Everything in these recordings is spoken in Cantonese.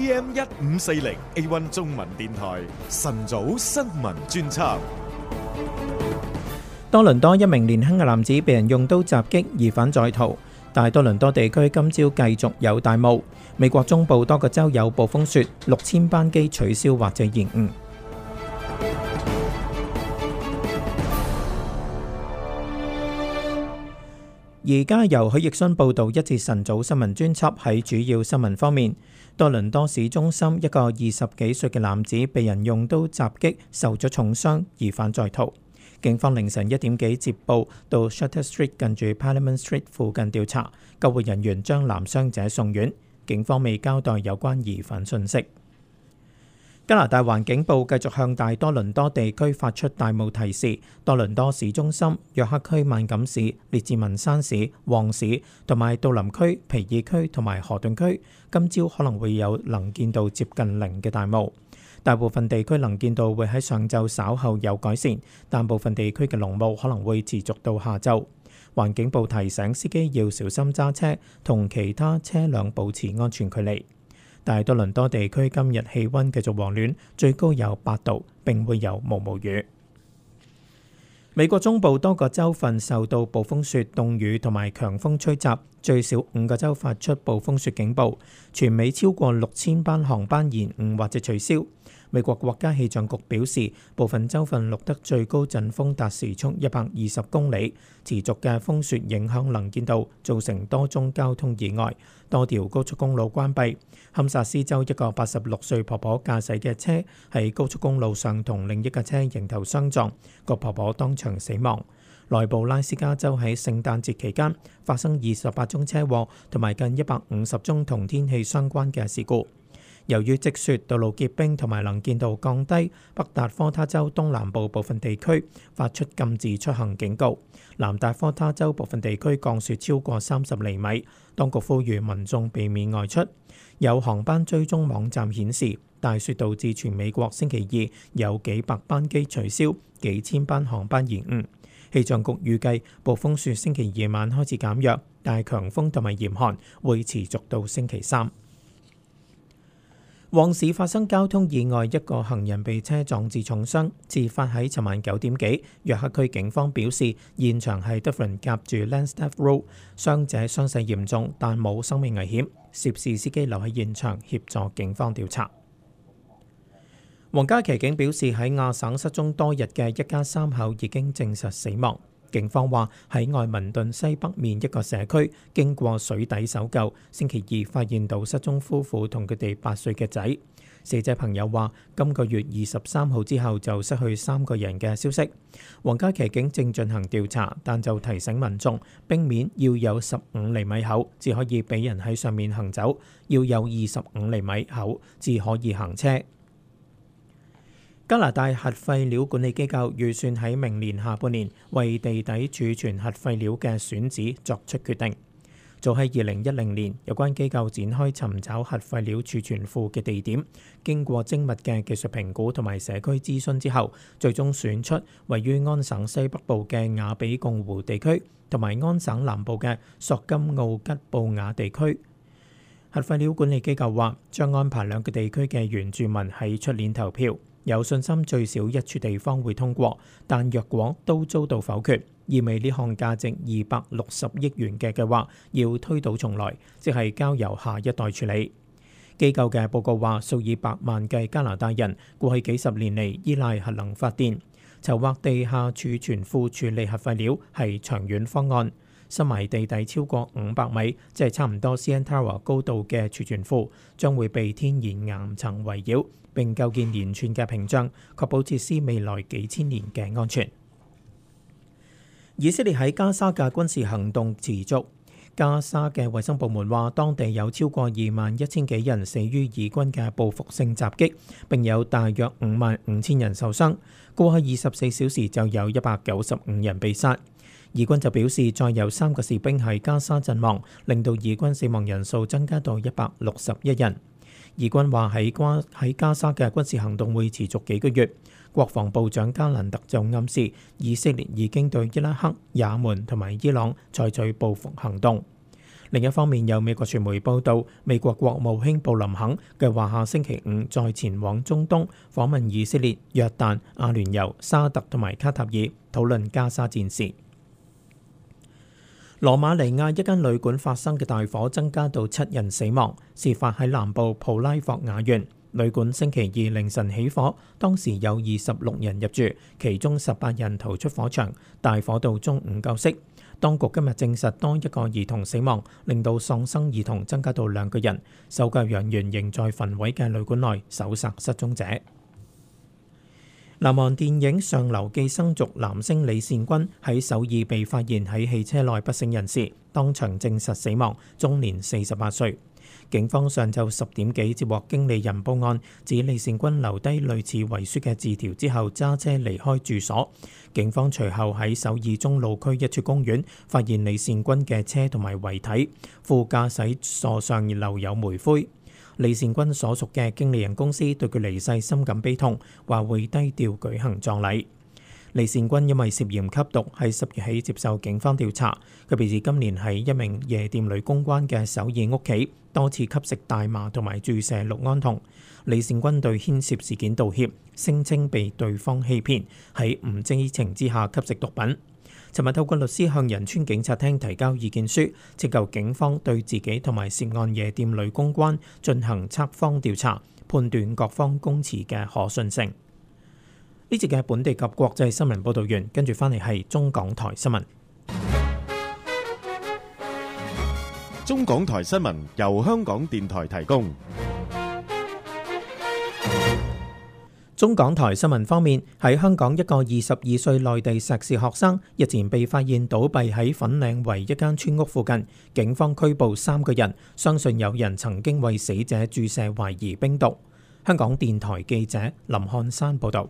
AM 一五四零 A1 中文電台晨早新聞專輯。多倫多一名年輕嘅男子被人用刀襲擊，疑犯在逃。大多倫多地區今朝繼續有大霧。美國中部多個州有暴風雪，六千班機取消或者延誤。 而家由許奕迅報道一節晨早新聞專輯。喺主要新聞方面。多倫多市中心一個二十幾歲嘅男子被人用刀襲擊，受咗重傷，疑犯在逃。警方凌晨一點幾接報，到 Shutter Street 近住 Parliament Street 附近調查，救護人員將男傷者送院。警方未交代有關疑犯信息。加拿大環境部繼續向大多倫多地區發出大霧提示，多倫多市中心、約克區、萬錦市、列治文山市、旺市同埋杜林區、皮爾區同埋河頓區，今朝可能會有能見度接近零嘅大霧。大部分地區能見度會喺上晝稍後有改善，但部分地區嘅濃霧可能會持續到下晝。環境部提醒司機要小心揸車，同其他車輛保持安全距離。大多倫多地區今日氣温繼續和暖，最高有八度，並會有毛毛雨。美國中部多個州份受到暴風雪、凍雨同埋強風吹襲，最少五個州發出暴風雪警報，全美超過六千班航班延誤或者取消。美國國家氣象局表示，部分州份錄得最高陣風達時速一百二十公里，持續嘅風雪影響能見度，造成多宗交通意外，多條高速公路關閉。堪薩斯州一個八十六歲婆婆駕駛嘅車喺高速公路上同另一架車迎頭相撞，個婆婆當場死亡。內布拉斯加州喺聖誕節期間發生二十八宗車禍，同埋近一百五十宗同天氣相關嘅事故。由於積雪、道路結冰同埋能見度降低，北達科他州東南部部分地區發出禁止出行警告。南達科他州部分地區降雪超過三十厘米，當局呼籲民眾避免外出。有航班追蹤網站顯示，大雪導致全美國星期二有幾百班機取消、幾千班航班延誤。氣象局預計暴風雪星期二晚開始減弱，但係強風同埋嚴寒會持續到星期三。旺市發生交通意外，一個行人被車撞致重傷，事發喺尋晚九點幾。約克區警方表示，現場係 Dufferin 夾住 Langstaff Road，傷者傷勢嚴重，但冇生命危險。涉事司機留喺現場協助警方調查。皇家騎警表示，喺亞省失蹤多日嘅一家三口已經證實死亡。警方話喺愛民頓西北面一個社區，經過水底搜救，星期二發現到失蹤夫婦同佢哋八歲嘅仔。死者朋友話：今個月二十三號之後就失去三個人嘅消息。皇家騎警正進行調查，但就提醒民眾，冰面要有十五釐米厚，至可以俾人喺上面行走；要有二十五釐米厚，至可以行車。加拿大核廢料管理機構預算喺明年下半年為地底儲存核廢料嘅選址作出決定。早喺二零一零年，有關機構展開尋找核廢料儲存庫嘅地點，經過精密嘅技術評估同埋社區諮詢之後，最終選出位於安省西北部嘅雅比共湖地區，同埋安省南部嘅索金奧吉布雅地區。核廢料管理機構話，將安排兩個地區嘅原住民喺出年投票。有信心最少一處地方會通過，但若果都遭到否決，意味呢項價值二百六十億元嘅計劃要推倒重來，即係交由下一代處理。機構嘅報告話，數以百萬計加拿大人過去幾十年嚟依賴核能發電，籌劃地下儲存庫處理核廢料係長遠方案。深埋地底超過五百米，即係差唔多 CN Tower 高度嘅儲存庫將會被天然岩層圍繞，並構建連串嘅屏障，確保設施未來幾千年嘅安全。以色列喺加沙嘅軍事行動持續。加沙嘅衛生部門話，當地有超過二萬一千幾人死於以軍嘅報復性襲擊，並有大約五萬五千人受傷。過去二十四小時就有一百九十五人被殺。以軍就表示，再有三個士兵喺加沙陣亡，令到以軍死亡人數增加到一百六十一人。以軍話喺關喺加沙嘅軍事行動會持續幾個月。國防部長加蘭特就暗示，以色列已經對伊拉克、也門同埋伊朗採取報復行動。另一方面，有美國傳媒報道，美國國務卿布林肯計劃下星期五再前往中東訪問以色列、約旦、阿聯酋、沙特同埋卡塔爾，討論加沙戰事。羅馬尼亞一間旅館發生嘅大火，增加到七人死亡，事發喺南部普拉霍雅縣。旅館星期二凌晨起火，當時有二十六人入住，其中十八人逃出火場。大火到中午救熄。當局今日證實多一個兒童死亡，令到喪生兒童增加到兩個人。搜救人員仍在焚毀嘅旅館內搜尋失蹤者。南韓電影《上流寄生族》男星李善均喺首爾被發現喺汽車內不省人事，當場證實死亡，終年四十八歲。警方上晝十點幾接獲經理人報案，指李善君留低類似遺書嘅字條之後揸車離開住所。警方隨後喺首爾中路區一處公園發現李善君嘅車同埋遺體，副駕駛座上留有煤灰。李善君所屬嘅經理人公司對佢離世深感悲痛，話會低調舉行葬禮。李善君因為涉嫌吸毒，喺十月起接受警方調查。佢表示今年喺一名夜店女公關嘅首爾屋企多次吸食大麻同埋注射氯胺酮。李善君對牽涉事件道歉，聲稱被對方欺騙，喺唔知情之下吸食毒品。尋日透過律師向仁川警察廳提交意見書，請求警方對自己同埋涉案夜店女公關進行測謊調查，判斷各方供詞嘅可信性。呢節嘅本地及國際新聞報道員。跟住翻嚟係中港台新聞。中港台新聞由香港電台提供。中港台新聞方面，喺香港，一個二十二歲內地碩士學生日前被發現倒斃喺粉嶺圍一間村屋附近，警方拘捕三個人，相信有人曾經為死者注射懷疑冰毒。香港電台記者林漢山報道。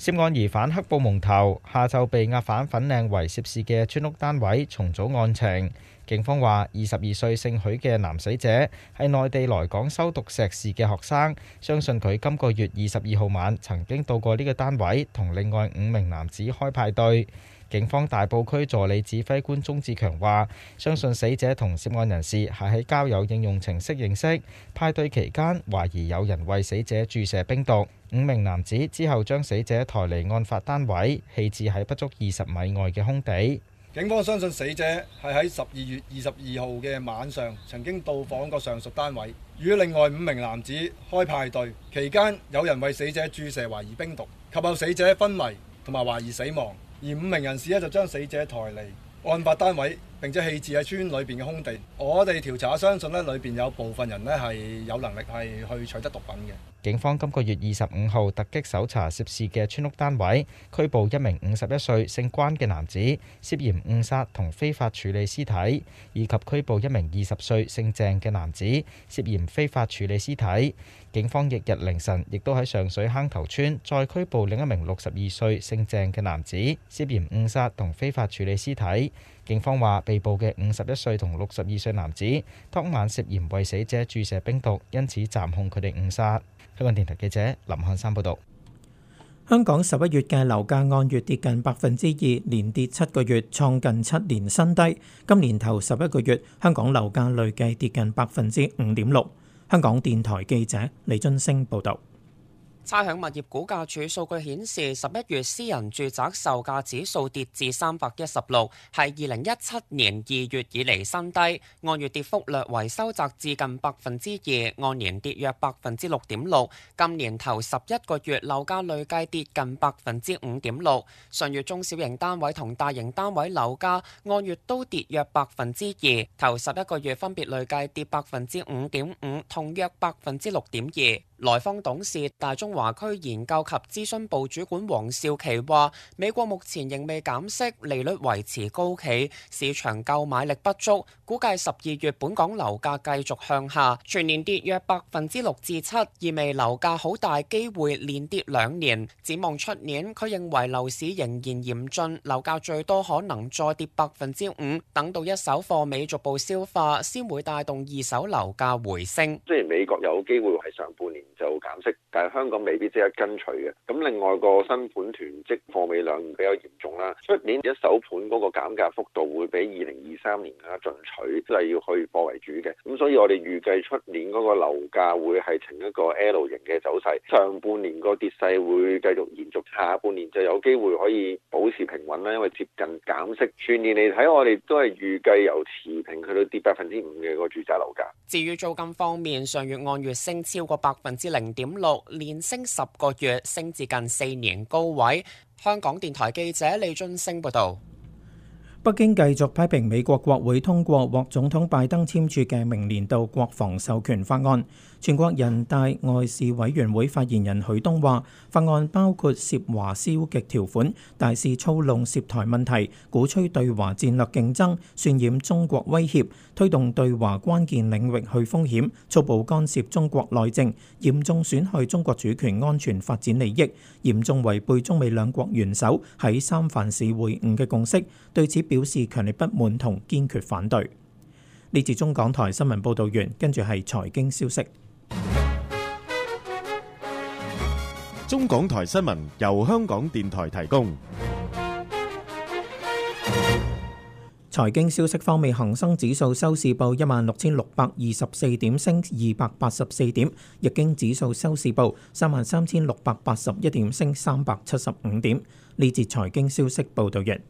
涉案疑犯黑布蒙頭，下晝被押返粉嶺圍涉事嘅村屋單位重組案情。警方話，二十二歲姓許嘅男死者係內地來港修讀碩士嘅學生，相信佢今個月二十二號晚曾經到過呢個單位同另外五名男子開派對。警方大埔區助理指揮官鍾志強話，相信死者同涉案人士係喺交友應用程式認識，派對期間懷疑有人為死者注射冰毒。五名男子之後將死者抬離案發單位，棄置喺不足二十米外嘅空地。警方相信死者係喺十二月二十二號嘅晚上曾經到訪過上述單位，與另外五名男子開派對，期間有人為死者注射懷疑冰毒，及後死者昏迷同埋懷疑死亡，而五名人士呢，就將死者抬離案發單位，並且棄置喺村裏邊嘅空地。我哋調查相信呢裏邊有部分人呢係有能力係去取得毒品嘅。警方今個月二十五號突擊搜查涉事嘅村屋單位，拘捕一名五十一歲姓關嘅男子，涉嫌誤殺同非法處理屍體，以及拘捕一名二十歲姓鄭嘅男子，涉嫌非法處理屍體。警方翌日凌晨亦都喺上水坑頭村再拘捕另一名六十二歲姓鄭嘅男子，涉嫌誤殺同非法處理屍體。警方話，被捕嘅五十一歲同六十二歲男子當晚涉嫌為死者注射冰毒，因此暫控佢哋誤殺。香港電台記者林漢山報道，香港十一月嘅樓價按月跌近百分之二，連跌七個月，創近七年新低。今年頭十一個月，香港樓價累計跌近百分之五點六。香港電台記者李津升報道。差餉物業估價處，數據顯示，十一月私人住宅售價指數跌至三百一十六，係二零一七年二月以嚟新低，按月跌幅略為收窄至近百分之二，按年跌約百分之六點六。今年頭十一個月樓價累計跌近百分之五點六。上月中小型單位同大型單位樓價按月都跌約百分之二，頭十一個月分別累計跌百分之五點五，同約百分之六點二。來方董事，大中華區研究及諮詢部主管黃少琪話，美國目前仍未減息，利率維持高企，市場購買力不足，估計十二月本港樓價繼續向下，全年跌約百分之六至七，意味樓價好大機會連跌兩年。展望出年，佢認為樓市仍然嚴峻，樓價最多可能再跌百分之五，等到一手貨尾逐步消化，先會帶動二手樓價回升。雖然美國有機會喺上半就減息，但係香港未必即刻跟隨嘅。咁另外個新盤囤積貨尾量比較嚴重啦。出年一手盤嗰個減價幅度會比二零二三年更加進取，即係要去貨為主嘅。咁所以，我哋預計出年嗰個樓價會係呈一個 L 型嘅走勢。上半年個跌勢會繼續延續，下半年就有機會可以保持平穩啦。因為接近減息，全年嚟睇，我哋都係預計由持平去到跌百分之五嘅個住宅樓價。至於租金方面，上月按月升超過百分之。零點六，連升十個月，升至近四年高位。香港電台記者李俊升報道。北京繼續批評美國國會通過獲總統拜登簽署嘅明年度國防授權法案。全國人大外事委員會發言人許東話，法案包括涉華消極條款，大肆操弄涉台問題，鼓吹對華戰略競爭，渲染中國威脅，推動對華關鍵領域去風險，逐步干涉中國內政，嚴重損害中國主權安全發展利益，嚴重違背中美兩國元首喺三藩市會晤嘅共識。對此，表示強烈不滿同堅決反對。呢節中港台新聞報導完，跟住係財經消息。中港台新聞由香港電台提供。財經消息方面，恒生指數收市報一萬六千六百二十四點，升二百八十四點；日經指數收市報三萬三千六百八十一點，升三百七十五點。呢節財經消息報導完。